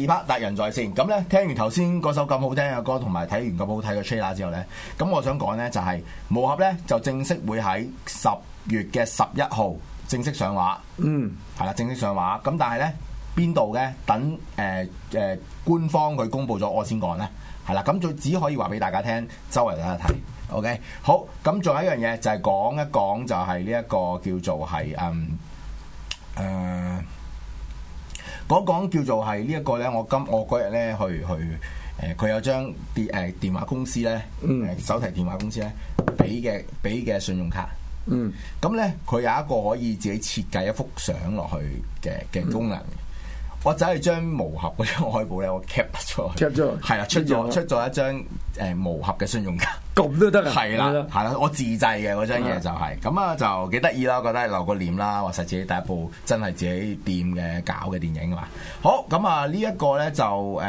第二 part 達仁在線咁呢，聽完頭先嗰首咁好聽嘅歌，同埋睇完咁好睇嘅 trailer 之後呢，咁我想講呢就係《無合》呢就正式會喺十月嘅十一號正式上畫，嗯，係啦，正式上畫。咁但係呢邊度呢等誒誒官方佢公布咗我先講呢，係啦。咁就只可以話俾大家聽，周圍睇一睇。OK，好。咁仲有一樣嘢就係講一講，就係呢一個叫做係嗯誒。講講叫做係呢一個咧，我今我嗰日咧去去誒，佢、呃、有張電誒電話公司咧，誒、嗯、手提電話公司咧俾嘅俾嘅信用卡，嗯，咁咧佢有一個可以自己設計一幅相落去嘅嘅功能，嗯、我走係將無盒嗰張海報咧，我 cap 咗 cap 咗，係了啊，出咗了出咗一張誒、呃、無盒嘅信用卡。做都得啊！係啦，係 啦， 我自製嘅嗰張嘢就係、是，咁啊就幾得意啦，我覺得留個念啦，話實自己第一部真係自己掂嘅搞嘅電影啦。好，咁啊呢一個咧就誒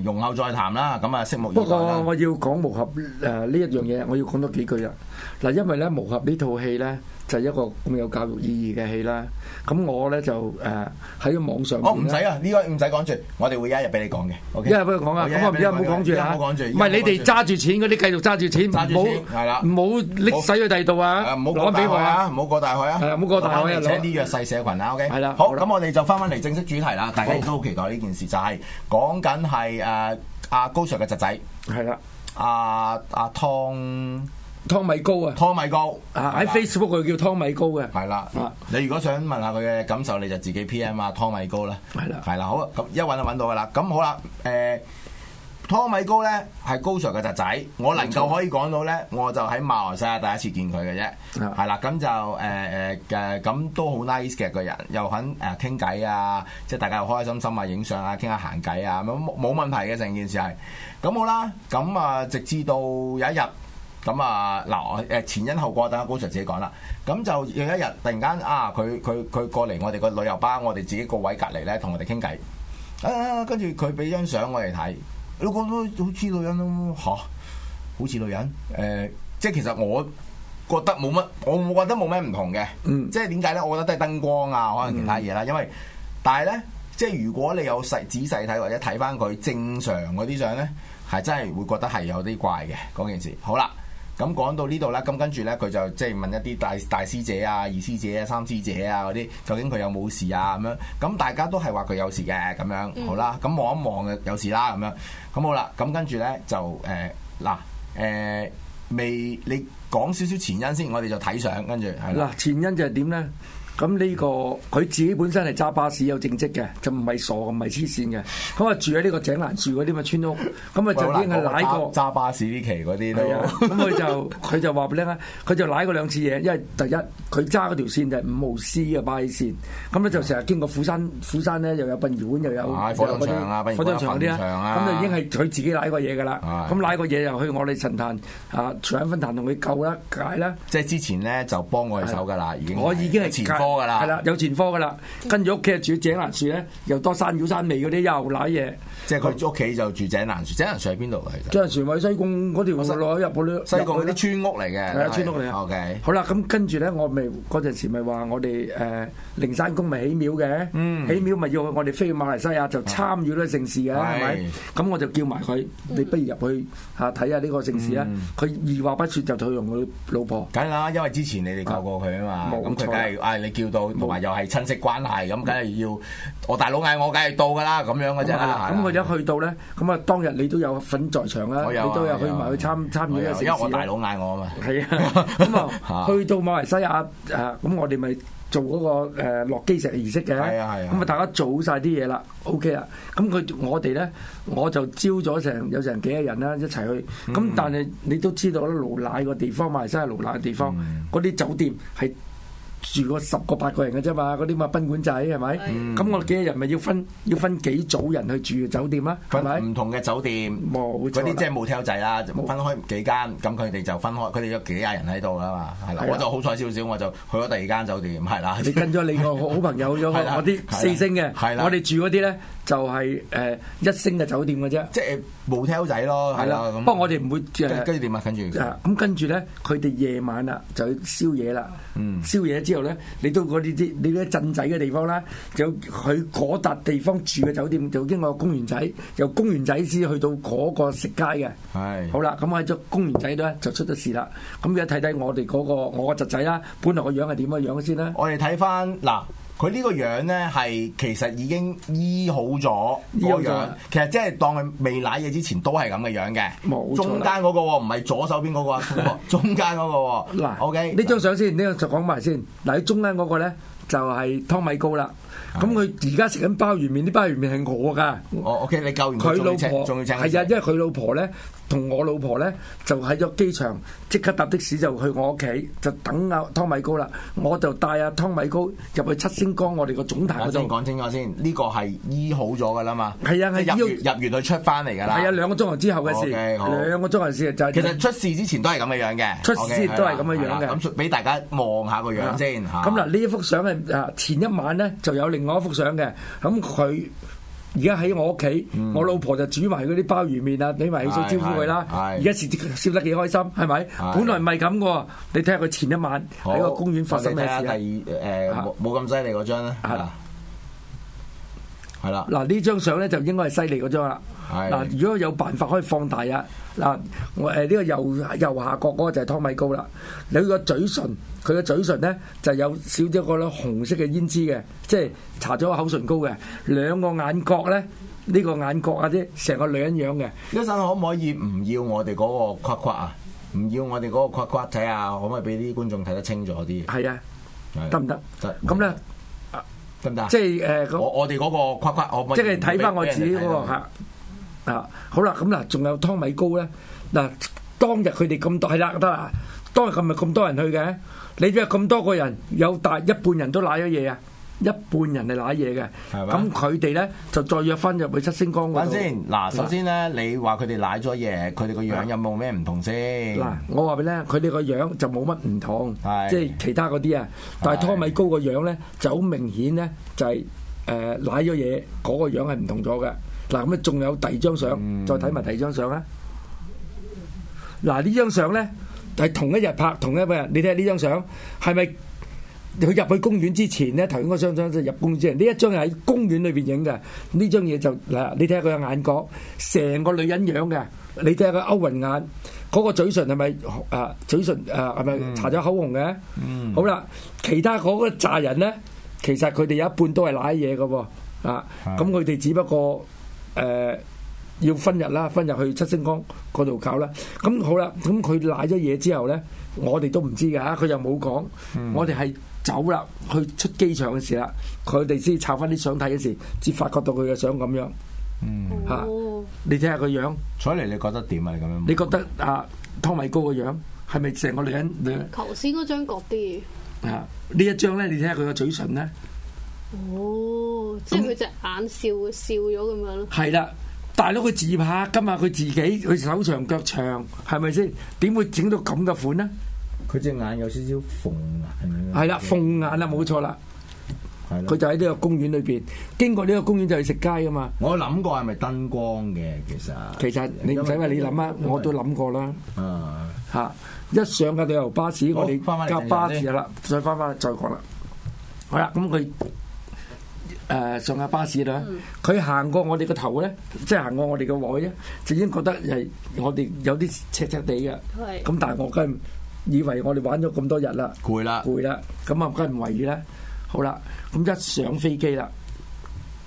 誒，容、呃、後再談啦。咁、嗯、啊，拭目不過我要講木盒誒呢一樣嘢，我要講多幾句。啊。嗱，因為咧《磨合》呢套戲咧就係一個咁有教育意義嘅戲啦。咁我咧就誒喺網上，我唔使啊，呢個唔使講住。我哋會一日俾你講嘅。O K，一日俾我講啊。咁我唔好講住啦，唔好講住。唔係你哋揸住錢嗰啲，繼續揸住錢。揸住錢係啦，唔好拎使去第二度啊。唔好講俾佢啊，唔好過大海啊，唔好過大海啊。請啲弱勢社群啊。O K，係啦。好，咁我哋就翻翻嚟正式主題啦。大家亦都好期待呢件事，就係講緊係誒阿高 Sir 嘅侄仔。係啦，阿阿 Tom。湯米高啊！湯米高，米高啊！喺 Facebook 佢叫湯米高嘅係啦。的你如果想問下佢嘅感受，你就自己 P M 啊。湯米高啦。係啦的，係啦，好，咁一揾，就揾到噶啦。咁好啦，誒、欸，湯米高咧係高 Sir 嘅侄仔。我能夠可以講到咧，我就喺馬來西亞第一次見佢嘅啫。係啦的，咁就誒誒誒，咁、呃呃呃、都好 nice 嘅個人，又肯誒傾偈啊，即係大家又開開心心聊天聊天啊，影相啊，傾下閒偈啊，咁冇冇問題嘅，成件事係咁好啦。咁啊，直至到有一日。咁啊，嗱誒、嗯、前因後果，等阿高 Sir 自己講啦。咁就有一日突然間啊，佢佢佢過嚟我哋個旅遊巴，我哋自己個位隔籬咧，同我哋傾偈。啊，跟住佢俾張相我哋睇，你覺得好似女人咯嚇？好似女人？誒、啊，即係、嗯嗯、其實我覺得冇乜，我冇覺得冇咩唔同嘅。嗯、即係點解咧？我覺得都係燈光啊，可能其他嘢啦。因為但係咧，即係如果你有細仔細睇或者睇翻佢正常嗰啲相咧，係真係會覺得係有啲怪嘅嗰件事。好啦。咁講到呢度啦，咁跟住呢，佢就即係問一啲大大師姐啊、二師姐啊、三師姐啊嗰啲，究竟佢有冇事啊？咁樣咁大家都係話佢有事嘅咁樣，好啦，咁望一望有事啦咁樣，咁好啦，咁跟住呢，就誒嗱誒未你講少少前因先，我哋就睇相跟住係嗱，前因就係點呢？咁呢個佢自己本身係揸巴士有正職嘅，就唔係傻唔係黐線嘅。咁啊住喺呢個井欄樹嗰啲咪村屋，咁啊就已經係瀨過揸巴士呢期嗰啲咯。咁佢就佢就話畀你聽啦，佢就瀨過兩次嘢。因為第一佢揸嗰條線就係五號 C 嘅巴士線，咁咧就成日經過富山富山咧又有殯儀館又有火葬場啊，殯儀館火葬場咁就已經係佢自己瀨過嘢噶啦。咁瀨過嘢又去我哋神壇啊，祥安分壇同佢救啦解啦。即係之前咧就幫我哋手噶啦，已經我已經係多噶啦，係啦，有前科噶啦。跟住屋企住井欄樹咧，又多山妖山味嗰啲又奶嘢。即係佢屋企就住井欄樹，井欄樹喺邊度嚟？井欄樹係西貢嗰條路入去西貢嗰啲村屋嚟嘅，係村屋嚟 OK。好啦，咁跟住咧，我咪嗰陣時咪話我哋誒靈山宮咪起廟嘅，起廟咪要我哋飛去馬來西亞就參與呢個盛事嘅，係咪？咁我就叫埋佢，你不如入去吓睇下呢個盛事啦。佢二話不說就採用佢老婆，梗啦，因為之前你哋教過佢啊嘛，咁佢梗係嗌叫到同埋又係親戚關係，咁梗係要我大佬嗌我，梗係到㗎啦，咁樣嘅啫。咁佢一去到咧，咁啊當日你都有份在場啦，你都有去埋去參參與。因為我大佬嗌我啊嘛。係啊，咁啊去到馬來西亞啊，咁我哋咪做嗰個誒落基石儀式嘅。係啊係啊。咁啊大家做曬啲嘢啦，OK 啦。咁佢我哋咧，我就招咗成有成幾個人啦，一齊去。咁但係你都知道咧，盧娜個地方馬來西亞盧娜嘅地方，嗰啲酒店係，住個十個八個人嘅啫嘛，嗰啲咁嘅賓館仔係咪？咁、嗯、我幾人咪要分要分幾組人去住嘅酒店啊？係咪唔同嘅酒店？嗰啲即係冇挑仔啦，就分開幾間，咁佢哋就分開，佢哋有幾廿人喺度噶嘛。係啦，是啊、我就好彩少少，我就去咗第二間酒店。係啦，你跟咗你個好朋友去咗， 是啊、我啲四星嘅，我哋住嗰啲咧。就係誒一星嘅酒店嘅啫，即係 motel 仔咯，係啦那。不過我哋唔會誒，跟住點啊？跟住咁，跟住咧，佢哋夜晚啦就去宵夜啦。嗯，宵夜之後咧，你到嗰啲啲，你啲鎮仔嘅地方啦，就去嗰笪地方住嘅酒店，就經過公園仔，由公園仔先去到嗰個食街嘅。係是的。好啦，咁我喺咗公園仔度咧就出咗事啦。咁你睇睇我哋嗰、那個我個侄仔啦，本來個樣係點嘅樣，樣先啦。我哋睇翻嗱。佢呢個樣咧，係其實已經醫好咗呢個樣。其實即係當佢未攋嘢之前都樣樣，都係咁嘅樣嘅。冇中間嗰個唔係左手邊嗰個，中間嗰個。嗱，OK，呢張相先，呢個就講埋先。嗱，喺中間嗰個咧就係湯米糕啦。咁佢而家食緊鮑魚麵，啲鮑魚麵係我㗎。哦，OK，你救完佢老婆，仲要請，係啊，因為佢老婆咧。同我老婆咧就喺咗機場，即刻搭的士就去我屋企，就等阿、啊、湯米高啦。我就帶阿、啊、湯米高入去七星崗我哋個總台嗰度。先講清楚先，呢、這個係醫好咗㗎啦嘛。係啊，係入完入完佢出翻嚟㗎啦。係啊，兩個鐘頭之後嘅事。Okay, 好兩個鐘頭事就係、其實出事之前都係咁嘅樣嘅。出事 okay,、啊、都係咁嘅樣嘅。咁俾、啊啊、大家望下個樣先。咁嗱，呢一幅相係啊，前一晚咧就有另外一幅相嘅。咁佢。而家喺我屋企，嗯、我老婆就煮埋嗰啲鮑魚麵啊，俾埋汽水招呼佢啦。而家食食得幾開心，係咪？是是本來唔係咁嘅，你睇下佢前一晚喺個公園發生咩事啊？看看第二冇咁犀利嗰張咧。是是係啦，嗱呢張相咧就應該係犀利嗰張啦。嗱的，如果有辦法可以放大啊，嗱，我誒呢個右右下角嗰個就係湯米糕啦。你、個嘴唇，佢個嘴唇咧就係、有少咗個咧紅色嘅胭脂嘅，即係搽咗口唇膏嘅。兩個眼角咧，呢、個眼角啊，啫成個女人樣嘅。一陣可唔可以唔要我哋嗰個框框啊？唔要我哋嗰個框框仔啊？可唔可以俾啲觀眾睇得清楚啲？係啊的，得唔得？得。咁咧的。的行行即係誒、呃，我我哋嗰個框框我即係睇翻我自己嗰個嚇啊！好、啊、啦，咁、啊、啦，仲、啊、有湯米糕咧嗱、啊啊，當日佢哋咁多係啦，得、啊、啦、啊啊啊啊，當日今日咁多人去嘅，你即係咁多個人，有大一半人都瀨咗嘢啊！一半人係瀨嘢嘅，咁佢哋咧就再約翻入去七星崗嗰度。先嗱，首先咧，你話佢哋瀨咗嘢，佢哋個樣有冇咩唔同先？嗱，我話俾你聽，佢哋個樣就冇乜唔同，即係其他嗰啲啊。但係湯米高個樣咧就好明顯咧，就係誒瀨咗嘢，嗰個樣係唔同咗嘅。嗱，咁咧仲有第二張相，再睇埋第二張相啦。嗱，呢張相咧係同一日拍同一日，你睇下呢張相係咪？佢入去公園之前咧，頭先嗰張張入入公園之前，呢一張係喺公園裏邊影嘅。呢張嘢就嗱、啊，你睇下佢嘅眼角，成個女人樣嘅。你睇下佢歐雲眼，嗰、嗰個嘴唇係咪啊？嘴唇啊係咪搽咗口紅嘅？嗯、好啦，其他嗰個紮人咧，其實佢哋有一半都係瀨嘢嘅喎。啊，咁佢哋只不過誒、呃、要分日啦，分日去七星崗嗰度搞啦。咁、嗯、好啦，咁佢瀨咗嘢之後咧，我哋都唔知嘅，佢又冇講，我哋係。嗯走啦，去出機場嘅時啦，佢哋先摷翻啲相睇嘅時，至發覺到佢嘅相咁樣。嗯，嚇、啊，你睇下個樣，采妮嚟你覺得點啊？咁樣，你覺得啊，湯米高個樣係咪成個女人？頭先嗰張嗰啲，啊，呢一張咧，你睇下佢嘅嘴唇咧。哦，即係佢隻眼笑笑咗咁樣咯。係啦、嗯，大佬佢自拍今日佢自己，佢手長腳長，係咪先？點會整到咁嘅款呢？佢隻眼有少少鳳眼咁樣，係啦，鳳眼啦，冇錯啦。係，佢就喺呢個公園裏邊，經過呢個公園就去食街啊嘛。我諗過係咪燈光嘅其實？其實你唔使話，你諗啊，我都諗過啦。啊，一上架旅遊巴士，我哋搭巴士啦，再翻翻再講啦。好啦，咁佢誒上下巴士度，佢行過我哋個頭咧，即係行過我哋個位咧，就已經覺得係我哋有啲赤赤地嘅。咁，但係我梗係。以為我哋玩咗咁多日啦，攰啦了，攰啦，咁啊， 梗係唔為意啦。好啦，咁一上飛機啦，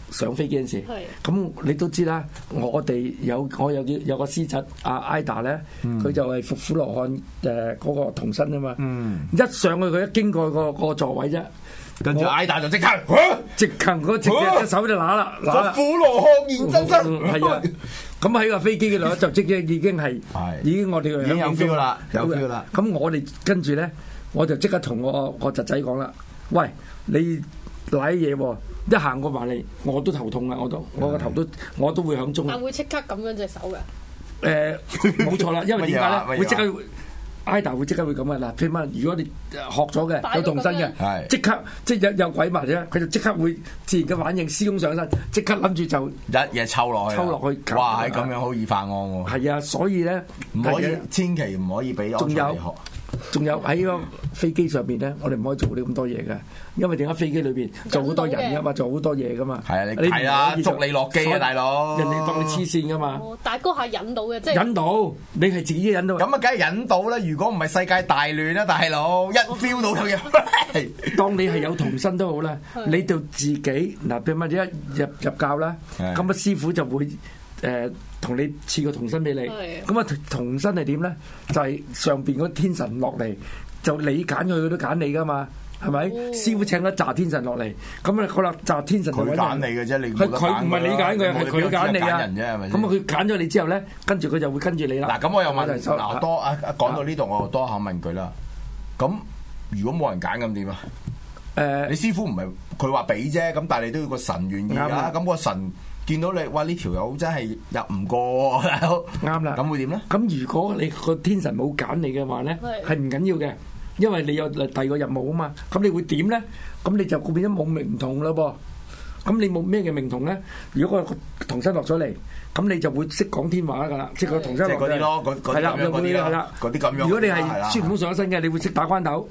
嗯、上飛機嗰陣時，咁是 你都知啦，我哋有我有叫有個師侄阿 ida 咧，佢、啊、就係伏虎羅漢誒嗰個童身啊嘛，嗯、一上去佢一經過、嗰個、嗰個座位啫，跟住 ida 就即刻，刻直擒直隻隻手就拿啦，拿啦、啊。伏虎羅漢現真身。咁喺個飛機嘅度就即即已經係， 已經我哋有票啦，有票啦。咁我哋跟住咧，我就即刻同我我侄仔講啦，喂，你瀨嘢，一行過埋嚟，我都頭痛啊，我都，我個頭都，我都會響中。但會即刻咁樣隻手㗎？誒，冇錯啦，因為點解咧？ 意會即刻會。Ida 會即刻會咁嘅啦，譬如，如果你學咗嘅有童身嘅，即刻是即有有鬼物嘅，佢就即刻會自然嘅反應，施工上身，即刻諗住就日夜抽落去，去，抽落去，哇！係咁樣好易犯案喎，啊。係啊，所以咧唔可以，啊，千祈唔可以俾仲有。仲有喺個飛機上面咧，我哋唔可以做呢咁多嘢嘅，因為點解飛機裏邊做好多人噶嘛，做好多嘢噶嘛。係啊，你係啊，捉你落機啊，大佬！人哋當你黐綫噶嘛。大哥係引導嘅，啫，引導你係自己引導。咁啊，梗係引導啦！如果唔係世界大亂啦，大佬一飆到佢。當你係有童身都好啦，你就自己嗱，畀乜一入入教啦，咁啊，師傅就會。誒，同你賜個童身俾你，咁啊童身係點咧？就係上邊嗰天神落嚟，就你揀佢，佢都揀你噶嘛？係咪？師傅請咗紮天神落嚟，咁啊好啦，紮天神佢揀你嘅啫，你佢唔係你揀佢，係佢揀你啊！咁啊，佢揀咗你之後咧，跟住佢就會跟住你啦。嗱，咁我又問，嗱多啊，講到呢度我多口問佢啦。咁如果冇人揀咁點啊？誒，你師傅唔係佢話俾啫，咁但係你都要個神願意。咁個神。見到你，哇！呢條友真係入唔過，啱啦。咁會點咧？咁如果你個天神冇揀你嘅話咧，係唔緊要嘅，因為你有第二個任務啊嘛。咁你會點咧？咁你就變咗冇名唔同嘞噃。咁你冇咩嘅名同咧？如果個童身落咗嚟，咁你就會識講天話㗎啦，識個童身落。即係嗰啲咯，嗰嗰啲咁樣嘅。係啦，又會係啦，嗰啲咁樣。如果你係書本上身嘅，你會識打關頭。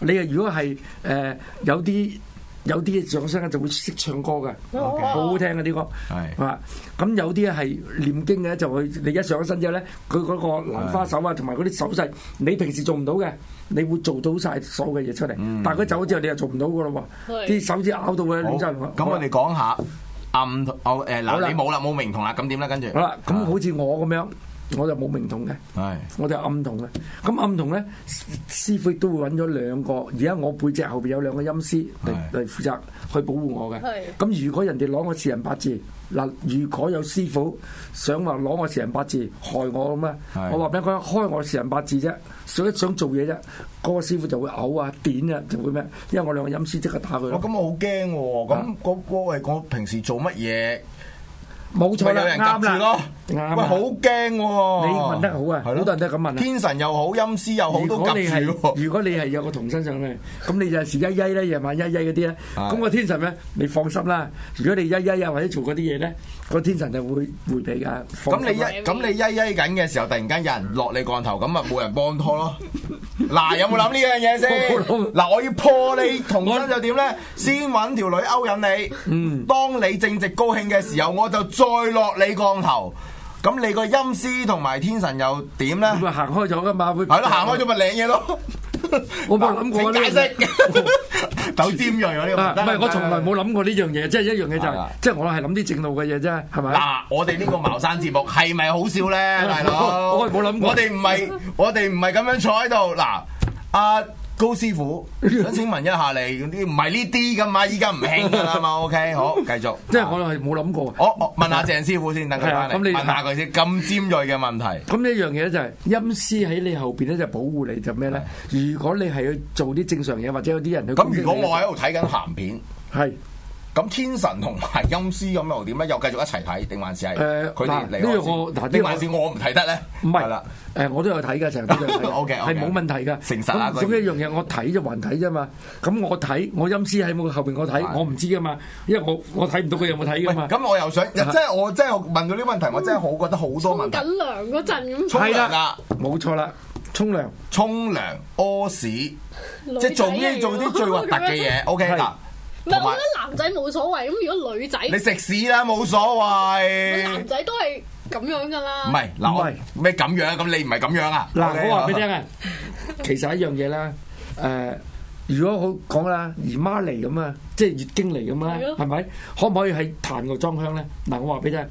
你啊，如果係誒有啲。有啲上身咧就會識唱歌嘅，好 Okay. 好聽啊啲歌。係啊是，咁有啲係念經嘅就佢你一上身之後咧，佢嗰個蘭花手啊，同埋嗰啲手勢，你平時做唔到嘅，你會做到晒所有嘅嘢出嚟。嗯、但係佢走咗之後，你又做唔到嘅咯喎。啲是手指拗到嘅，咁好吧、嗯、我哋講下暗同嗱，你冇啦冇明同啦，咁點咧跟住？好啦，咁好似我咁樣。 我就冇明僮嘅，是我就暗僮嘅。咁暗僮咧，師傅亦都會揾咗兩個。而家我背脊後邊有兩個陰師嚟嚟是負責去保護我嘅。咁是如果人哋攞我時辰八字嗱，如果有師傅想話攞我時辰八字害我咁咧，是我話俾佢聽，開我時辰八字啫，所以想做嘢啫。嗰、嗰個師傅就會嘔啊，點啊，就會咩？因為我兩個陰師即刻打佢。我咁我好驚喎。咁嗰嗰個係，嗰個、我平時做乜嘢？冇錯啦，啱啦，了喂，啊、好驚喎、啊！你問得好啊，好的多人都咁問、啊。天神又好，陰司又好，都夾住喎。如果你係有個童身上咧，咁你有時曳曳咧，夜晚曳曳嗰啲咧，咁的個天神咧，你放心啦。如果你曳曳啊，或者做嗰啲嘢咧，個天神就會回你噶。咁你曳咁你曳曳緊嘅時候，突然間有人落你降頭，咁啊冇人幫拖咯。 嗱，有冇諗呢樣嘢先？嗱， 我要破你童身又點咧？先搵條女勾引你，當你正值高興嘅時候，我就再落你降頭。咁你個陰師同埋天神又點咧？咪行 開咗噶嘛？係咯，行開咗咪領嘢咯。 我冇諗過呢、啊，解釋，抖尖銳我呢個唔得，唔係我從來冇諗過呢樣嘢，即、就、係、是、一樣嘢就是，是的 即係我係諗啲正路嘅嘢啫，係咪？嗱， 我哋呢個茅山節目係咪好笑咧，大佬？我冇諗過、啊 我，我哋唔係我哋唔係咁樣坐喺度，嗱，阿、啊。高師傅想請問一下你啲唔係呢啲噶嘛？依家唔興噶啦嘛？OK，好，繼續。即係我係冇諗過。我我、哦哦、問下鄭師傅先等佢咁你問下佢先，咁尖鋭嘅問題。咁呢、嗯嗯、一樣嘢咧就係陰師喺你後邊咧就保護你，就咩、是、咧？是如果你係要做啲正常嘢，或者有啲人咁、嗯、如果我喺度睇緊鹹片，係。咁天神同埋陰屍咁又點咧？又繼續一齊睇定還是係佢哋嚟？呢個我，呢還是我唔睇得咧？唔係啦，誒，我都有睇噶，成日都有睇。O K，O K，係冇問題噶。成實啊！咁一樣嘢，我睇就還睇啫嘛。咁我睇，我陰屍喺冇後邊，我睇，我唔知噶嘛。因為我我睇唔到佢有冇睇噶嘛。咁我又想，即係我即係問佢啲問題，我真係好覺得好多問題緊涼嗰陣咁，係啦，冇錯啦，沖涼，沖涼，屙屎，即係做咩做啲最核突嘅嘢？O K。唔係，我覺得男仔冇所謂，咁如果女仔，你食屎啦，冇所謂。 男仔都係咁樣噶啦。唔係，嗱我咩咁是樣，咁你唔係咁樣啊？嗱你，我話俾你聽啊， 其實一樣嘢啦，誒、呃。如果好講啦，姨媽嚟咁啊，即係月經嚟咁啦，係咪？可唔可以喺壇度裝香咧？嗱，我話俾你聽，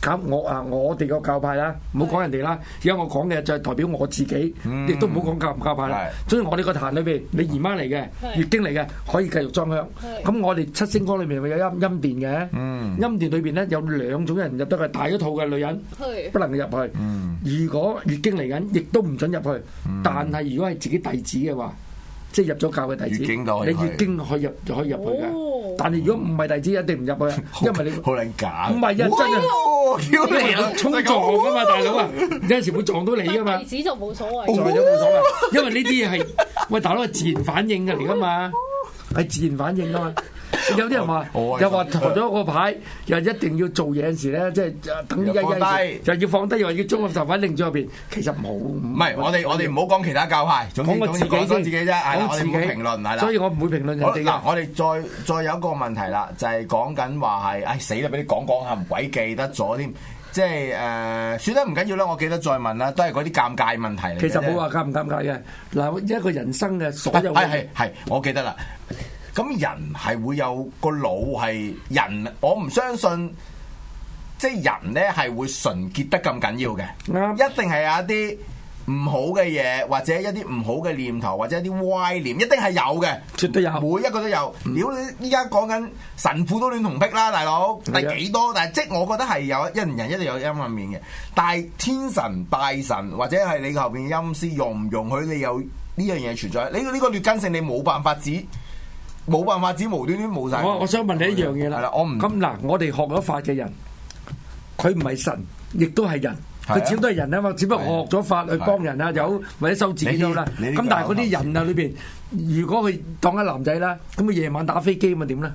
咁我啊，我哋個教派啦，唔好講人哋啦，而家我講嘅就係代表我自己，亦都唔好講教唔教派啦。所以我哋個壇裏面，你姨媽嚟嘅月經嚟嘅，可以繼續裝香。咁我哋七星光裏面咪有陰陰殿嘅，陰殿裏邊咧有兩種人入得嘅，大一套嘅女人不能入去。如果月經嚟緊，亦都唔準入去。但係如果係自己弟子嘅話，即係入咗教嘅弟子，你越經可以入，就可以入去。但係如果唔係弟子，一定唔入去，因為你好撚假。唔係啊，真嘅，因為有衝撞噶嘛，大佬啊，有陣時會撞到你噶嘛。弟子就冇所謂，撞都冇所謂，因為呢啲嘢係喂，大佬係自然反應嚟噶嘛。係自然反應啊，有啲人話又話抬咗個牌，又一定要做嘢嗰時咧，即係等依家又要放低，又話要將個浮反令咗入邊，其實冇。唔係我哋我哋唔好講其他教派，講我自己啫。所以我唔會評論啦。所以我唔會評論嗱。我哋再再有個問題啦，就係講緊話係唉死啦！俾你講講下，唔鬼記得咗添。即係誒，算啦，唔緊要啦，我記得再問啦，都係嗰啲尷尬問題。其實冇話尷唔尷尬嘅嗱，一個人生嘅所有係係，我記得啦。咁人係會有個腦係人，我唔相信即係人呢係會純潔得咁緊要嘅。Yeah. 一定係有一啲唔好嘅嘢，或者一啲唔好嘅念頭，或者一啲歪念，一定係有嘅。絕對有，每一個都有。如果你依家講緊神父都戀童癖啦，大佬，但係幾多？Yeah. 但係即係我覺得係有，人人一定有陰暗面嘅。但係天神、拜神或者係你後邊陰司容唔容許你有呢樣嘢存在？你、這個呢、這個劣根性，你冇辦法指。冇辦法，只無端端冇晒。我我想問你一樣嘢、嗯、啦，咁嗱，我哋學咗法嘅人，佢唔係神，亦都係人，佢始終都係人啊嘛，只不過學咗法去幫人啊，的有好或者收錢啦。咁但係嗰啲人啊裏邊，如果佢當一男仔啦，咁佢夜晚打飛機咪點咧？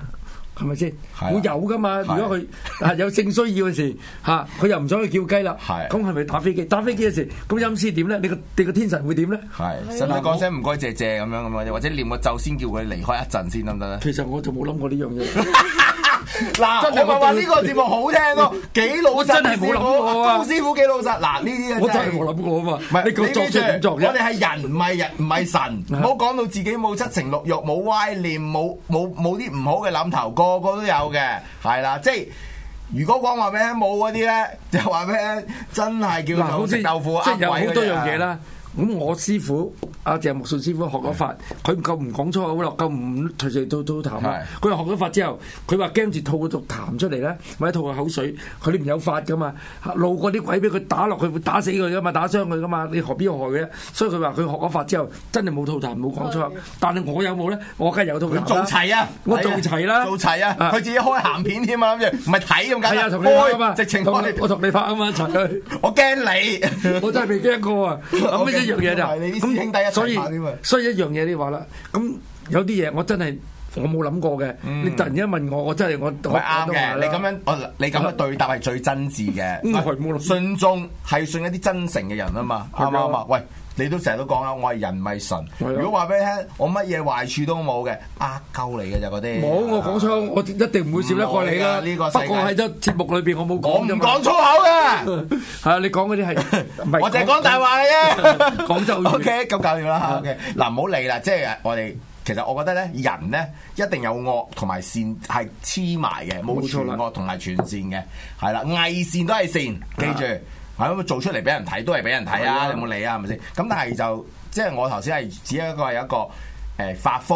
係咪先？是是啊，會有噶嘛？啊、如果佢係有性需要嘅時，吓佢 又唔想去叫雞啦。咁係咪打飛機？打飛機嘅時，咁陰司點咧？你個你個天神會點咧？係、啊，使唔使講聲唔該，謝謝咁樣咁樣？或者念個咒先叫佢離開一陣先，得唔得咧？其實我就冇諗過呢樣嘢。嗱，你咪話呢個節目好聽咯，幾 老實。係冇諗高師傅幾老實。嗱，呢啲啊，我真係冇諗過啊嘛。唔係你作出點，我哋係人，唔係人，唔係神。唔好講到自己冇七情六欲，冇歪念，冇冇冇啲唔好嘅諗頭，個個都有嘅。係啦，即係如果講話咩冇嗰啲咧，就話咩真係叫做食豆腐，即係有好多樣嘢啦。咁我師傅阿鄭木素師傅學咗法，佢唔夠唔講粗口咯，夠唔吐吐痰啊！佢學咗法之後，佢話驚住吐嗰種痰出嚟咧，或者吐個口水，佢都唔有法噶嘛，路過啲鬼俾佢打落去會打死佢噶嘛，打傷佢噶嘛，你何必害佢？所以佢話佢學咗法之後真係冇吐痰，冇講粗口。但係我有冇咧？我梗係有吐。佢做齊啊！我做齊啦，做齊啊！佢自己開鹹片添啊，諗住唔係睇咁解。係啊，同你開，直情同你，我同你拍啊嘛一齊去。我驚你，我真係未驚過啊！咁嘅。呢樣嘢就咁，兄弟一所以，所以一樣嘢你話啦，咁有啲嘢我真係我冇諗過嘅，你突然間問我，我真係我係啱嘅，你咁樣你咁樣對答係最真摯嘅，信眾係信一啲真誠嘅人啊嘛，啱唔啱啊？喂！你都成日都講啦，我係人唔係神。的如果話俾你聽，我乜嘢壞處都冇嘅，呃、啊、鳩你嘅就嗰啲。冇，我講出，我一定唔會接得過你噶。呢、這個不過喺咗節目裏邊，我冇講啫粗口嘅，係啊， 你 說講嗰啲係，唔係我淨講大話嘅啫。講就 O K，咁夠要啦。O K，嗱唔好理啦，即係我哋其實我覺得咧，人咧一定有惡同埋善係黐埋嘅，冇全惡同埋全善嘅，係啦，偽善都係善，記住。啊係做出嚟俾人睇都係俾人睇啊！的你有冇理啊？係咪先？咁但係就即係我頭先係指一個係一個誒、欸、法科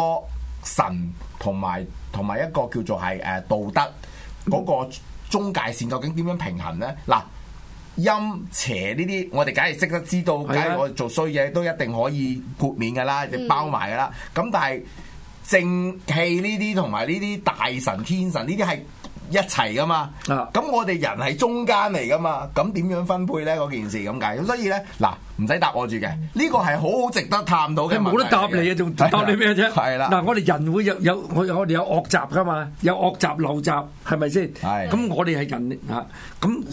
神同埋同埋一個叫做係誒道德嗰、嗯、個中介線究竟點樣平衡咧？嗱，陰邪呢啲我哋梗係識得知道，梗係的我哋做衰嘢都一定可以豁免噶啦，你包埋噶啦。咁、嗯、但係正氣呢啲同埋呢啲大神天神呢啲係。一齊噶嘛，咁我哋人係中間嚟噶嘛，咁點樣分配咧？嗰件事咁解，咁所以咧，嗱，唔使答我住嘅，呢、嗯、個係好好值得探討嘅，冇得答你嘅，仲的答你咩啫？係啦的，嗱，我哋人會有我有我我哋有惡習噶嘛，有惡習陋習係咪先？係，咁的我哋係人啊，咁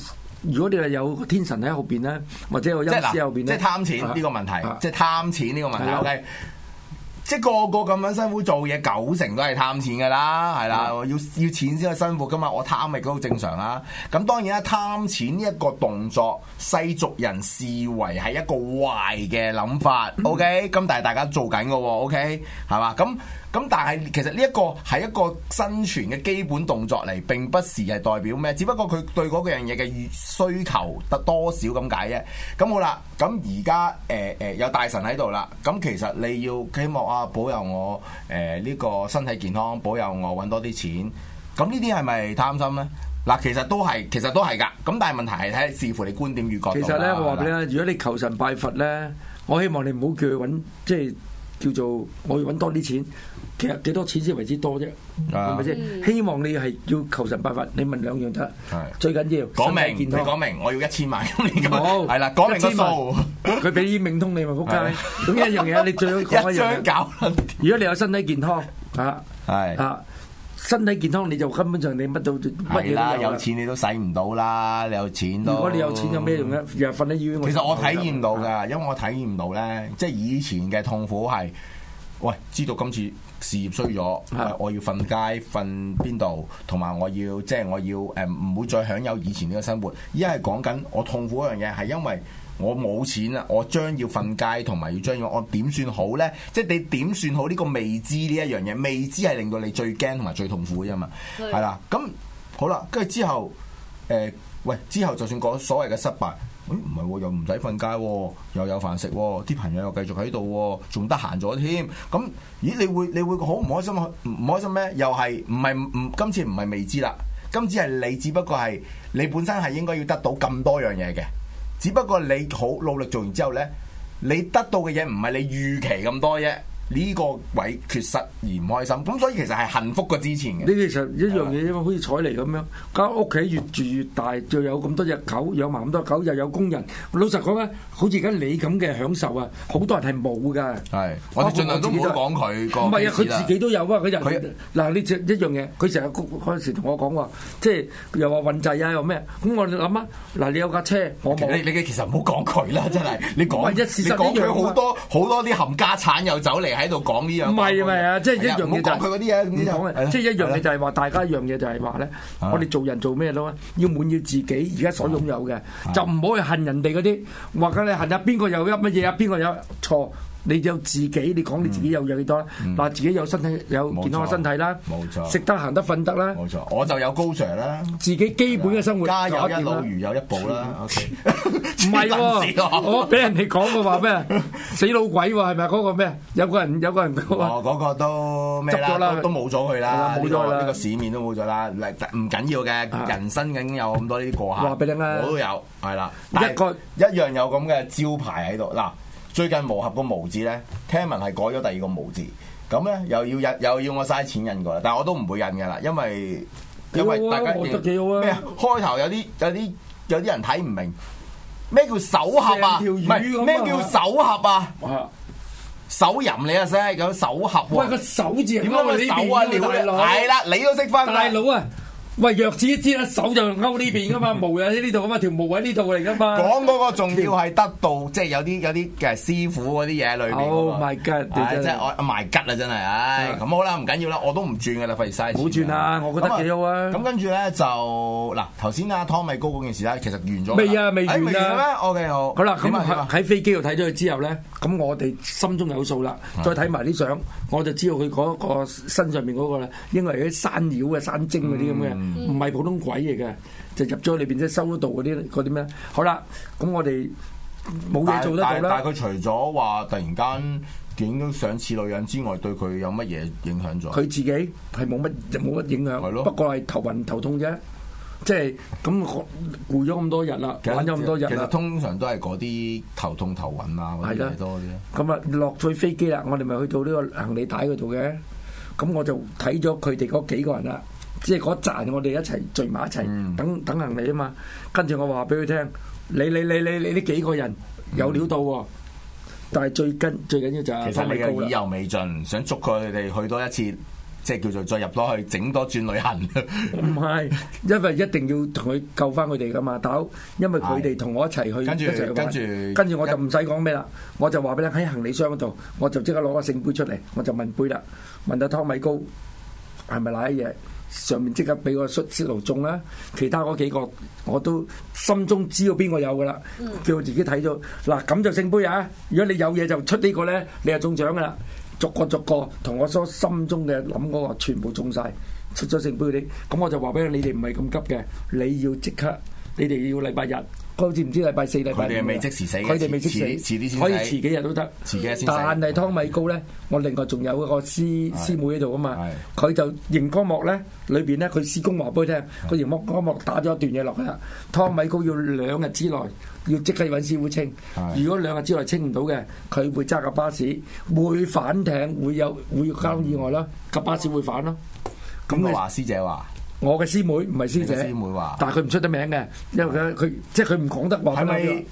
如果你係有天神喺後邊咧，或者有陰神後邊咧，即係貪錢呢個問題，即係貪錢呢個問題。的即個個咁樣辛苦做嘢，九成都係貪錢噶啦，係啦，嗯、要要錢先去生活噶嘛，我貪咪都好正常啦。咁、啊、當然啦、啊，貪錢呢一個動作，世俗人視為係一個壞嘅諗法。嗯、OK，咁但係大家做緊嘅喎，OK，係嘛？咁、嗯。咁但係其實呢一個係一個生存嘅基本動作嚟，並不是係代表咩，只不過佢對嗰樣嘢嘅需求得多少咁解啫。咁、嗯、好啦，咁而家誒誒有大神喺度啦，咁、呃呃呃呃呃、其實你要希望啊保佑我誒呢、呃這個身體健康，保佑我揾多啲錢，咁呢啲係咪貪心咧？嗱，其實都係，其實都係㗎。咁但係問題係睇視乎你觀點與角度其實咧，了我話俾你，如果你求神拜佛咧，我希望你唔好叫佢揾，即、就、係、是、叫做我要揾多啲錢。其實幾多錢先為之多啫，係咪先？希望你係要求神拜佛，你問兩樣得。最緊要。講明身體健康，你講明，我要一千萬咁你好。係啦，講明得數。佢俾你命通你咪撲街。咁一樣嘢，你最好講一樣。搞如果你有身體健康，啊係啊身體健康，你就根本上你乜都乜嘢都。啦，有錢你都使唔到啦，有錢如果你有錢有咩用咧？瞓喺醫院。其實我體驗到噶，因為我體驗到咧，即係以前嘅痛苦係，喂，知道今次。事業衰咗，嗯、我要瞓街瞓邊度，同埋我要即係、就是、我要誒唔、呃、會再享有以前呢個生活。依家係講緊我痛苦一樣嘢，係因為我冇錢啦，我將要瞓街，同埋要將要我點算好呢？即、就、係、是、你點算好呢個未知呢一樣嘢？未知係令到你最驚同埋最痛苦嘅啫嘛，係啦對。咁好啦，跟住之後誒、呃，喂，之後就算講所謂嘅失敗。唔係喎，又唔使瞓街喎、哦，又有飯食喎、哦，啲朋友又繼續喺度喎，仲得閒咗添。咁、嗯、咦，你會你會好唔開心？唔開心咩？又係唔係唔今次唔係未知啦？今次係你，只不過係你本身係應該要得到咁多樣嘢嘅，只不過你好努力做完之後呢，你得到嘅嘢唔係你預期咁多啫。呢個位缺失而唔開心，咁所以其實係幸福過之前嘅。你其實一樣嘢，因為吧好似彩妮咁樣，家屋企越住越大，就有咁多隻狗，養埋咁多狗，又有工人。老實講咧，好似而家你咁嘅享受啊，好多人係冇㗎。係，我哋儘量都唔講佢。唔係啊，佢自己都有啊，佢嗱呢隻一樣嘢，佢成日嗰陣時同我講話，即係又話運滯啊，又咩？咁我諗啊，嗱，你有架車，我你嘅其實唔好講佢啦，真係你講，你講佢好多好多啲冚家產又走嚟喺度講呢樣，唔係是，唔係樣啊！即係一、就是、說樣嘢就係佢嗰啲啊，咁講嘅，即係一樣嘢就係話大家一樣嘢就係話咧，的我哋做人做咩咯？要滿意自己而家所擁有嘅，的就唔好去恨人哋嗰啲，話嘅你恨啊，邊個有乜嘢啊？邊個有錯。你有自己，你講你自己有有幾多啦？嗱，自己有身體有健康嘅身體啦，冇錯，食得行得瞓得啦，冇錯。我就有高 Sir 啦，自己基本嘅生活啦，有一老如有一寶啦。OK。唔係喎，我俾人哋講過話咩？死老鬼喎，係咪啊？嗰個咩？有個人有個人，哦，嗰個都執咗啦？都冇咗佢啦，冇咗啦，呢個市面都冇咗啦。唔緊要嘅，人生已經有咁多呢啲過客。話俾你聽啦，我都有，係啦，一個一樣有咁嘅招牌喺度嗱。最近磨合個模字咧，聽聞係改咗第二個模字。咁咧又要印又要我嘥錢印過啦，但我都唔會印噶啦，因為因為大家見咩啊？開頭有啲有啲有啲人睇唔明咩叫手合啊？唔係咩叫手合啊？手淫你又識咁手合喎。喂，個手字點解會手啊？大佬係啦，你都識翻，大佬啊！喂，弱子一支啦，手就勾呢邊噶嘛，毛又喺呢度噶嘛，條毛喺呢度嚟噶嘛。講嗰個重要係得道，即係有啲有啲嘅師傅嗰啲嘢裏面。Oh my god！真係真係賣桔啊，真係，咁好啦，唔緊要啦，我都唔轉噶啦，費事嘥錢。唔好轉啦，我覺得幾好啊。咁跟住咧就嗱，頭先阿湯米高嗰件事咧，其實完咗未啊？未完啊？O K，好。好啦，咁喺喺飛機度睇咗佢之後咧，咁我哋心中有數啦，再睇埋啲相，我就知道佢嗰個身上邊嗰個咧，應該係啲山妖啊、山精嗰啲咁嘅。唔係、嗯、普通鬼嚟嘅，就入咗去裏邊，即係修道嗰啲啲咩？好啦，咁我哋冇嘢做得到啦。但但佢除咗話突然間變到像似女人之外，對佢有乜嘢影響咗？佢自己係冇乜冇乜影響，的不過係頭暈頭痛啫。即係咁攰咗咁多日啦，玩咗咁多日。其實通常都係嗰啲頭痛頭暈啊，嗰啲係多啲。咁啊，落咗飛機啦，我哋咪去到呢個行李帶嗰度嘅。咁我就睇咗佢哋嗰幾個人啦。即係嗰陣，我哋一齊聚埋一齊，等等行李啊嘛。跟住我話俾佢聽，你你你你你呢幾個人有料到喎、哦？嗯、但係最緊最緊要就係湯米高。意猶未盡，想捉佢哋去多一次，即係叫做再入多去整多轉旅行。唔 係，因為一定要同佢救翻佢哋噶嘛，大佬。因為佢哋同我一齊去，啊、一齊跟住我就唔使講咩啦，我就話俾你聽喺行李箱嗰度，我就即刻攞個聖杯出嚟，我就問杯啦，問到湯米高係咪瀨啲嘢？是上面即刻俾個輸思路中啦，其他嗰幾個我都心中知道邊個有噶啦，叫我自己睇到嗱，咁就聖杯啊！如果你有嘢就出個呢個咧，你係中獎噶啦，逐個逐個同我所心中嘅諗嗰個全部中晒，出咗聖杯啲，咁我就話俾你哋唔係咁急嘅，你要即刻，你哋要禮拜日。佢好似唔知禮拜四禮拜，佢哋未即時死，佢哋未即死，遲死，可以遲幾日都得。但係湯米高咧，我另外仲有個師師妹喺度啊嘛，佢就熒光幕咧，裏邊咧佢師公話俾佢聽，佢熒光幕打咗一段嘢落去啦。湯米高要兩日之內要即刻揾師傅清，如果兩日之內清唔到嘅，佢會揸架巴士會反艇，會有會交意外啦，架巴士會反咯。邊個話師姐話？我嘅師妹唔係師姐，師妹話，但係佢唔出得名嘅，因為佢佢即係佢唔講得話。係咪？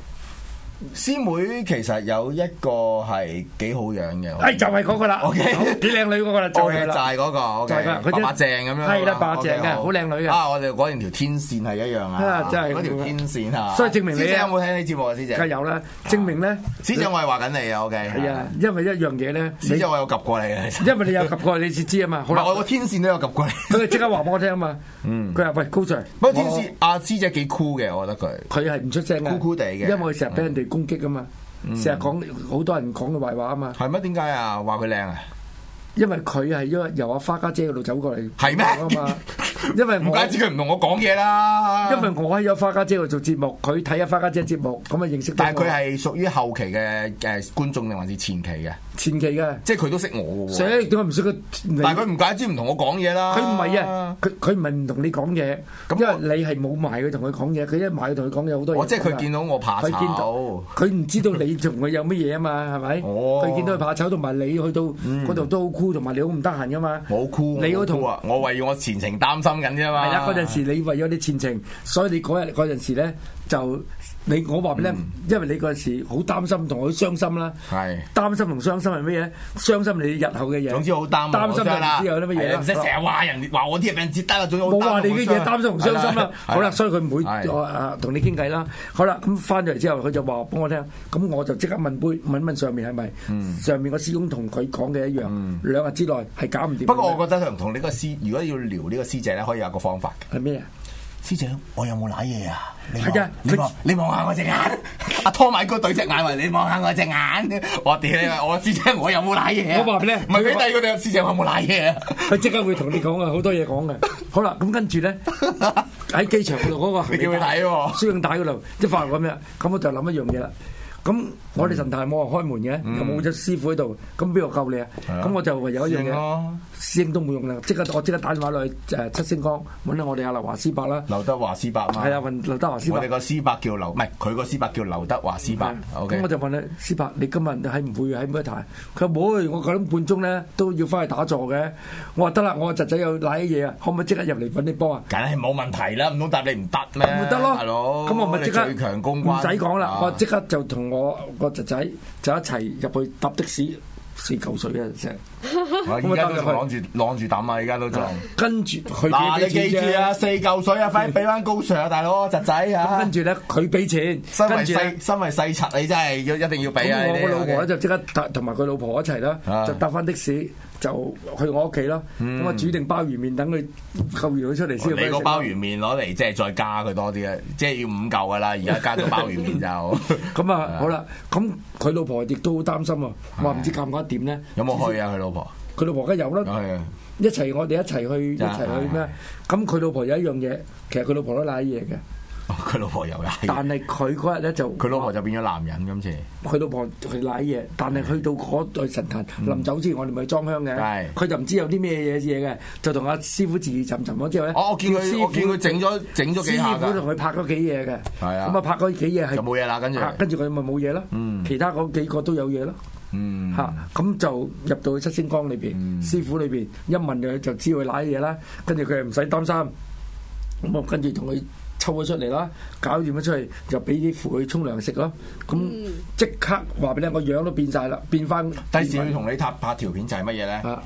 師妹其實有一個係幾好樣嘅。哎，就係嗰個啦，OK，幾靚女嗰個啦，就係啦，就係嗰個阿正咁樣，係啦，阿正嘅，好靚女啊。我哋改完條天線係一樣啊，即係嗰條天線啊，所以證明你有冇聽呢節目啊，師姐？梗有啦。證明咧，師姐，我係話緊你啊，OK，係啊。因為一樣嘢咧，師姐我有及過你啊，因為你有及過你先知啊嘛。嗱，我個天線都有及過你，佢即刻話俾我聽啊嘛，嗯，佢話，喂高 Sir，不過天線阿師姐幾酷嘅，我覺得佢，佢係唔出聲酷酷 o 地嘅，因為佢成日俾人哋。攻擊啊嘛，成日、嗯、講好多人講嘅壞話啊嘛。係咩？點解啊？話佢靚啊？因為佢係因為由阿花家姐嗰度走過嚟係咩啊嘛。因為唔怪得之佢唔同我講嘢啦。因為我喺咗花家姐度做節目，佢睇下花家姐節目，咁咪認識到。但係佢係屬於後期嘅誒、呃、觀眾定還是前期嘅？前期嘅，即係佢都識我嘅喎。所以點解唔識佢？但佢唔怪之唔同我講嘢啦。佢唔係啊，佢佢唔係唔同你講嘢，因為你係冇埋佢同佢講嘢，佢一埋佢同佢講嘢好多嘢。即係佢見到我怕醜。佢見到，佢唔知道你同佢有乜嘢啊嘛，係咪？佢見到佢怕醜，同埋你去到嗰度都好酷，同埋你好唔得閒嘅嘛。冇酷，你好酷啊！我為咗我前程擔心緊啫嘛。係啦，嗰陣時你為咗你前程，所以你嗰日嗰陣時咧就。你我話俾你聽，因為你嗰陣時好擔心同好傷心啦。擔心同傷心係咩嘢？傷心你日後嘅嘢，總之好擔心啦。擔心有啲乜嘢咧？唔使成日話人話我啲嘢俾人折得啊！冇話你啲嘢擔心同傷心啦。好啦，所以佢唔會同你傾偈啦。好啦，咁翻咗嚟之後，佢就話俾我聽。咁我就即刻問杯問一問上面係咪？上面個師公同佢講嘅一樣，兩日之內係搞唔掂。不過我覺得佢同呢個師，如果要聊呢個師姐咧，可以有個方法。係咩啊？師姐，我有冇瀨嘢啊？係啊，你望，你望下我隻眼。阿湯米哥對隻眼話，你望下我隻眼。我屌你我師姐，我有冇瀨嘢？我話俾你，唔係俾第二個你個師姐我冇瀨嘢。啊。」佢即刻會同你講噶，好多嘢講噶。 好啦，咁、嗯、跟住咧喺機場嗰度嗰個， 你叫佢睇喎。輸送帶嗰度即係發咁樣，咁我就諗一樣嘢啦。咁我哋神壇冇人開門嘅，又冇咗師傅喺度，咁邊度救你啊？咁我就唯有一樣嘢，師兄都冇用啦。即刻我即刻打電話落去誒七星崗揾下我哋阿劉華師伯啦。劉德華師伯，係啊，問劉德華師伯。我哋個師伯叫劉，唔係佢個師伯叫劉德華師伯。咁我就問你師伯：你今日喺唔會喺咩壇？佢話唔會，我九點半鐘咧都要翻去打坐嘅。我話得啦，我阿侄仔又瀨啲嘢啊，可唔可以即刻入嚟揾啲幫啊？梗係冇問題啦，唔通答你唔得咩？得咯，係咯。咁我咪即刻唔使講啦，我即刻就同。我個侄仔就一齊入去搭的士，四嚿水啊！成， 依家都攬住攬住抌啊。而家都仲，跟住佢。你記住啊，四嚿水啊，快啲俾翻高 Sir 啊，大佬侄仔啊！跟住咧，佢俾錢。身為細，身為細侄，你真係要一定要俾。啊。我老婆咧 okay. 就即刻搭，同埋佢老婆一齊啦、啊， 就搭翻的士。就去我屋企咯，咁我煮定鮑魚麵等佢，夠完佢出嚟先俾個鮑魚麵攞嚟，即係再加佢多啲咧，即係要五嚿噶啦，而家加咗鮑魚麵就咁啊，好啦，咁佢老婆亦都好擔心啊，話唔知夾唔夾點咧，有冇去啊？佢老婆，佢老婆梗係有啦，一齊我哋一齊去一齊去咩？咁佢老婆有一樣嘢，其實佢老婆都瀨嘢嘅。佢老婆又舐，但係佢嗰日咧就佢老婆就變咗男人，今次佢老婆去舐嘢，但係去到嗰對神壇臨走之前，我哋咪裝香嘅。佢就唔知有啲咩嘢嘢嘅，就同阿師傅自字沉沉。之後咧，我我見佢，見佢整咗整咗幾下噶。師傅同佢拍咗幾嘢嘅，咁啊拍咗幾嘢係就冇嘢啦。跟住，跟住佢咪冇嘢咯。其他嗰幾個都有嘢咯。咁就入到去七星光裏邊，師傅裏邊一問就就知佢舐嘢啦。跟住佢又唔使擔心，咁我跟住同佢。抽咗出嚟啦，搞掂咗出嚟，就俾啲符去沖涼食咯。咁即刻話俾你聽，個樣都變晒啦，變翻。第二日同你拍拍條片就係乜嘢咧？啊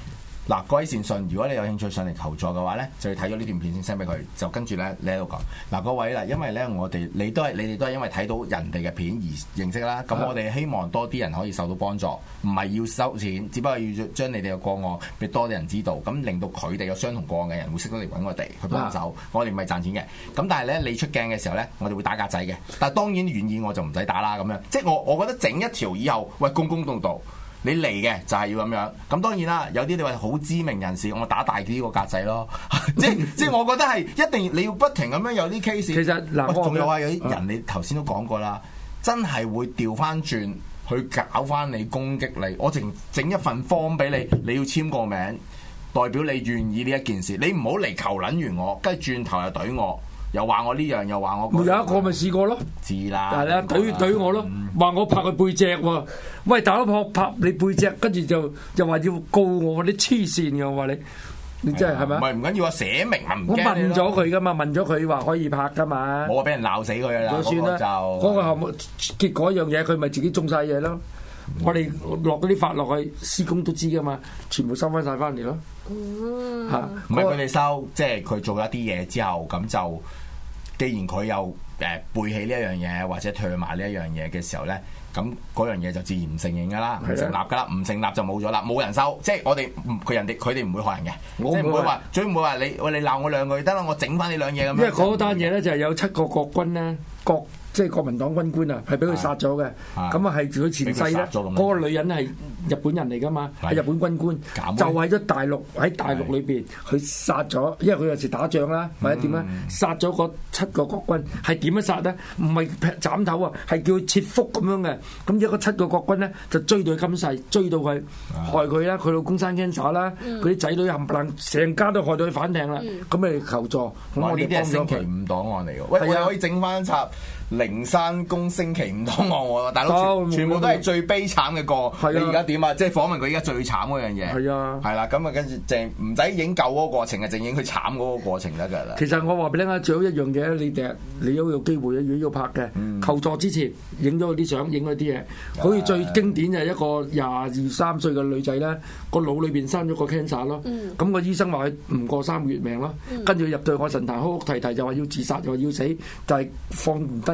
嗱，各位善信，如果你有興趣上嚟求助嘅話呢，就要睇咗呢段片先 send 俾佢，就跟住呢你喺度講。嗱、啊，各位啦，因為呢，我哋你都係你哋都係因為睇到人哋嘅片而認識啦。咁我哋希望多啲人可以受到幫助，唔係要收錢，只不過要將你哋嘅個案俾多啲人知道，咁令到佢哋有相同個案嘅人會識得嚟揾我哋去幫手。是的 我哋唔係賺錢嘅。咁但係呢，你出鏡嘅時候呢，我哋會打格仔嘅。但係當然願意我就唔使打啦咁樣。即係我我覺得整一條以後，喂公公道道。你嚟嘅就係要咁樣，咁當然啦，有啲你話好知名人士，我打大啲個格仔咯，即 即我覺得係一定要你要不停咁樣有啲 case，其實仲有呀有啲人，啊、你頭先都講過啦，真係會調翻轉去搞翻你攻擊你，我整整一份 form 俾你，你要簽個名，代表你願意呢一件事，你唔好嚟求撚完我，跟住轉頭又懟我。又話我呢樣，又話我冇有一個咪試過咯。知啦，係啊，懟懟我咯，話我拍佢背脊喎。喂，大佬，拍拍你背脊，跟住就又話要告我嗰啲黐線嘅，我話你，你真係係咪？唔係唔緊要啊，寫明咪唔驚。我問咗佢㗎嘛，問咗佢話可以拍㗎嘛。我俾人鬧死佢啦。嗰個就嗰個項目結果一樣嘢，佢咪自己種晒嘢咯。我哋落嗰啲法落去師公都知㗎嘛，全部收翻晒翻嚟咯。嚇，唔係佢哋收，即係佢做一啲嘢之後咁就。既然佢又誒背起呢一樣嘢，或者唾埋呢一樣嘢嘅時候咧，咁嗰樣嘢就自然唔承認噶啦，唔的成立噶啦，唔成立就冇咗啦，冇人收。即係我哋佢人哋佢哋唔會害人嘅，我即係是唔會話，說最唔會話你餵你鬧我兩句，得啦，我整翻你兩嘢咁樣。因為嗰單嘢咧就係有七個國軍咧，國。即係國民黨軍官啊，係俾佢殺咗嘅。咁啊係佢前世咧，嗰個女人係日本人嚟噶嘛，係日本軍官，就喺咗大陸喺大陸裏邊，佢殺咗。因為佢有時打仗啦，或者點啦，殺咗個七個國軍係點樣殺咧？唔係劈斬頭啊，係叫佢切腹咁樣嘅。咁一個七個國軍呢，就追到佢今世，追到佢害佢啦，佢老公生 cancer 啦，佢啲仔女冚唪唥成家都害到佢反艇啦。咁咪求助，我哋啲星期五檔案嚟喎，係啊，可以整翻插。靈山公升旗唔通望喎，大佬全，全部都係最悲慘嘅個。是啊、你而家點啊？即係訪問佢而家最慘嗰樣嘢。係是啊，係啦，咁啊，跟住淨唔使影舊嗰個過程啊，淨影佢慘嗰個過程得㗎啦。其實我話俾你聽啊，最好一樣嘢，你第日你有個機會啊，如要拍嘅求助之前影咗啲相，影咗啲嘢。是啊、好似最經典就係一個廿二三歲嘅女仔咧，腦裡面個腦裏邊生咗個 cancer 咯。咁、嗯、個醫生話佢唔過三月命咯。跟住入到個神壇，哭哭啼啼就話要自殺，又話要死，就係放唔得。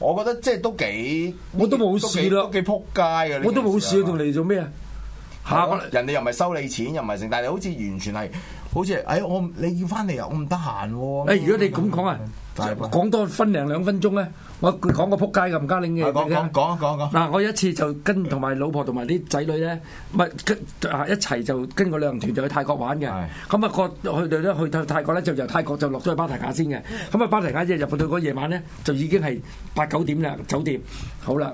我覺得即係都幾，我都冇事啦，都幾撲街嘅呢啲嘢。我都冇事啊，仲嚟做咩啊？嚇！ 人哋又唔係收你錢，又唔係剩，但係好似完全係，好似係，哎，我你要返嚟啊，我唔得閒喎。哎，樣如果你咁講啊？講多分零兩分鐘咧，我佢講個撲街咁加領嘅，講講講講講。嗱，我有一次就跟同埋老婆同埋啲仔女咧，唔係一齊就跟個旅行團就去泰國玩嘅。咁啊，個去到咧去到泰國咧就由泰國就落咗去巴提雅先嘅。咁啊，巴提雅即係入到嗰夜晚咧，就已經係八九點啦。酒店好啦，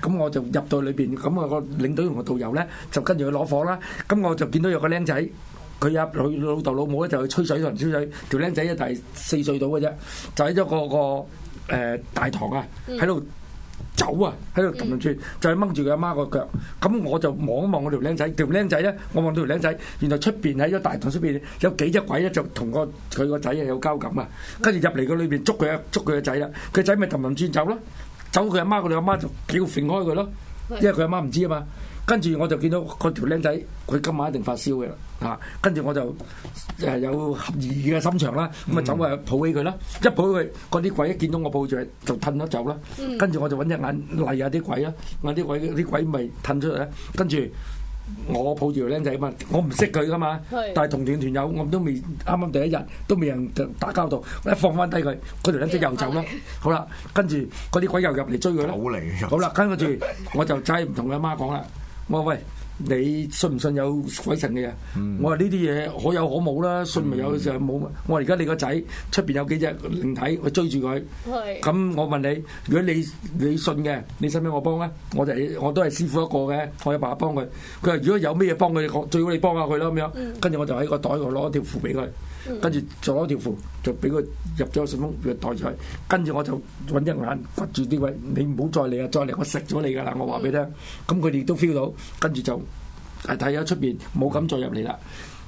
咁我就入到裏邊，咁啊個領隊同個導遊咧就跟住去攞貨啦。咁我就見到有個僆仔。佢阿老老豆老母咧就去吹水啦，吹水。條僆仔一第四歲到嘅啫，就喺咗、嗰個、嗰個誒大堂啊，喺度走啊，喺度氹氹轉，嗯、就係掹住佢阿媽個腳。咁我就望一望我條僆仔，條僆仔咧，我望到條僆仔，原來出邊喺咗大堂出邊有幾隻鬼咧，就同個佢個仔啊有交感啊。跟住入嚟個裏邊捉佢啊，捉佢個仔啦。佢仔咪氹氹轉走咯，走佢阿媽，佢哋阿媽就叫離開佢咯，因為佢阿媽唔知啊嘛。跟住我就見到嗰條僆仔，佢今晚一定發燒嘅啦。啊，跟住我就誒、呃、有合意嘅心腸啦，咁啊走啊抱起佢啦，一抱佢，嗰啲鬼一見到我抱住，就褪咗走啦。跟住我就揾隻眼嚟下啲鬼啦，揾啲鬼啲鬼咪褪出嚟啦。跟住我抱住條僆仔啊嘛，我唔識佢噶嘛，是但係同團團友我都未啱啱第一日，都未人打交道，我一放翻低佢，嗰條僆仔又走啦。好啦，跟住嗰啲鬼又入嚟追佢啦，好啦，跟住我就即係唔同佢阿媽講啦。喂，你信唔信有鬼神嘅嘢？嗯、我話呢啲嘢可有可冇啦，信咪有就冇、嗯。我話而家你個仔出邊有幾隻靈體去追住佢，咁是我問你，如果你你信嘅，你使唔使我幫啊？我就是、我都係師傅一個嘅，我有辦法幫佢。佢話如果有咩嘢幫佢，最好你幫下佢啦咁樣。跟住、嗯、我就喺個袋度攞條符俾佢。跟住再攞條符，就俾佢入咗個信封，佢袋住佢。跟住我就揾隻眼擰住啲位，你唔好再嚟啊！再嚟我食咗你噶啦！我話俾你，你，咁佢哋都 feel 到，跟住就係睇咗出邊，冇敢再入嚟啦。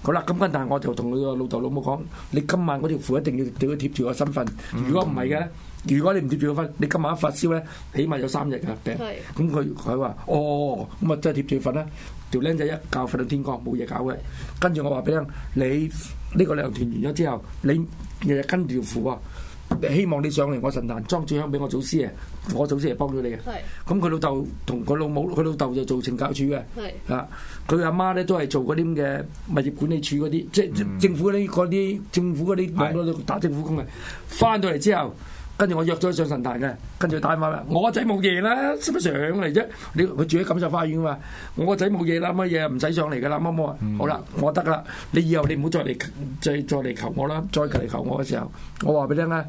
好啦，咁跟但係我就同佢個老豆老母講：你今晚嗰條符一定要對貼住個身瞓，嗯、如果唔係嘅，如果你唔貼住個瞓，你今晚一發燒咧，起碼有三日嘅病。咁佢佢話：哦，咁啊，真係貼住瞓啦。條僆仔一覺瞓到天光，冇嘢搞嘅。跟住我話俾你聽，你。你呢個兩團完咗之後，你日日跟條褲啊，希望你上嚟我神壇裝住香俾我祖師啊，我祖師嚟幫咗你啊。係是，咁佢老豆同佢老母，佢老豆就做懲教署嘅，係是啊，佢阿媽咧都係做嗰啲咁嘅物業管理處嗰啲，即係政府嗰啲啲政府嗰啲打政府工嘅。翻是到嚟之後。跟住我約咗上神壇嘅，跟住打電話啦。我個仔冇嘢啦，使乜上嚟啫？你佢住喺錦繡花園啊嘛，我個仔冇嘢啦，乜嘢唔使上嚟噶啦，冇冇啊？好啦，我得啦。你以後你唔好再嚟再再嚟求我啦。再嚟求我嘅時候，我話俾你聽啦，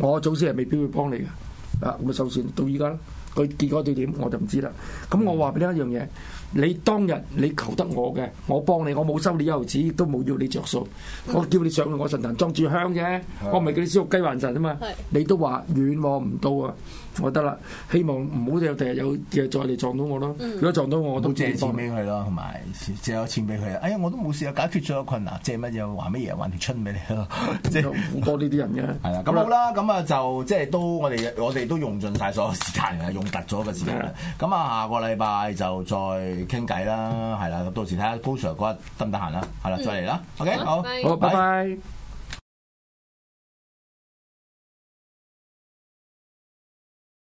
我祖先係未必會幫你嘅。啊，咁就算到依家，佢結果對點我就唔知啦。咁我話俾你聽一樣嘢。你當日你求得我嘅，我幫你，我冇收你一毫紙亦都冇要你着數。我叫你上去我神壇裝住香啫。的我唔係叫你燒肉雞還神啊嘛。的你都話遠喎，唔到啊。我得啦，希望唔好有第日有嘢再嚟撞到我咯。如果撞到我，我都借錢俾佢咯，同埋借咗錢俾佢。哎呀，我都冇事啊，解決咗個困難，借乜嘢還乜嘢，還條春俾你咯。即係好多呢啲人嘅。係啦，咁好啦，咁啊就即係都我哋我哋都用盡晒所有時間嘅，用突咗嘅時間啦。咁啊，下個禮拜就再傾偈啦，係啦。到時睇下高 Sir 嗰日得唔得閒啦，係啦，再嚟啦。OK，好，好，拜拜。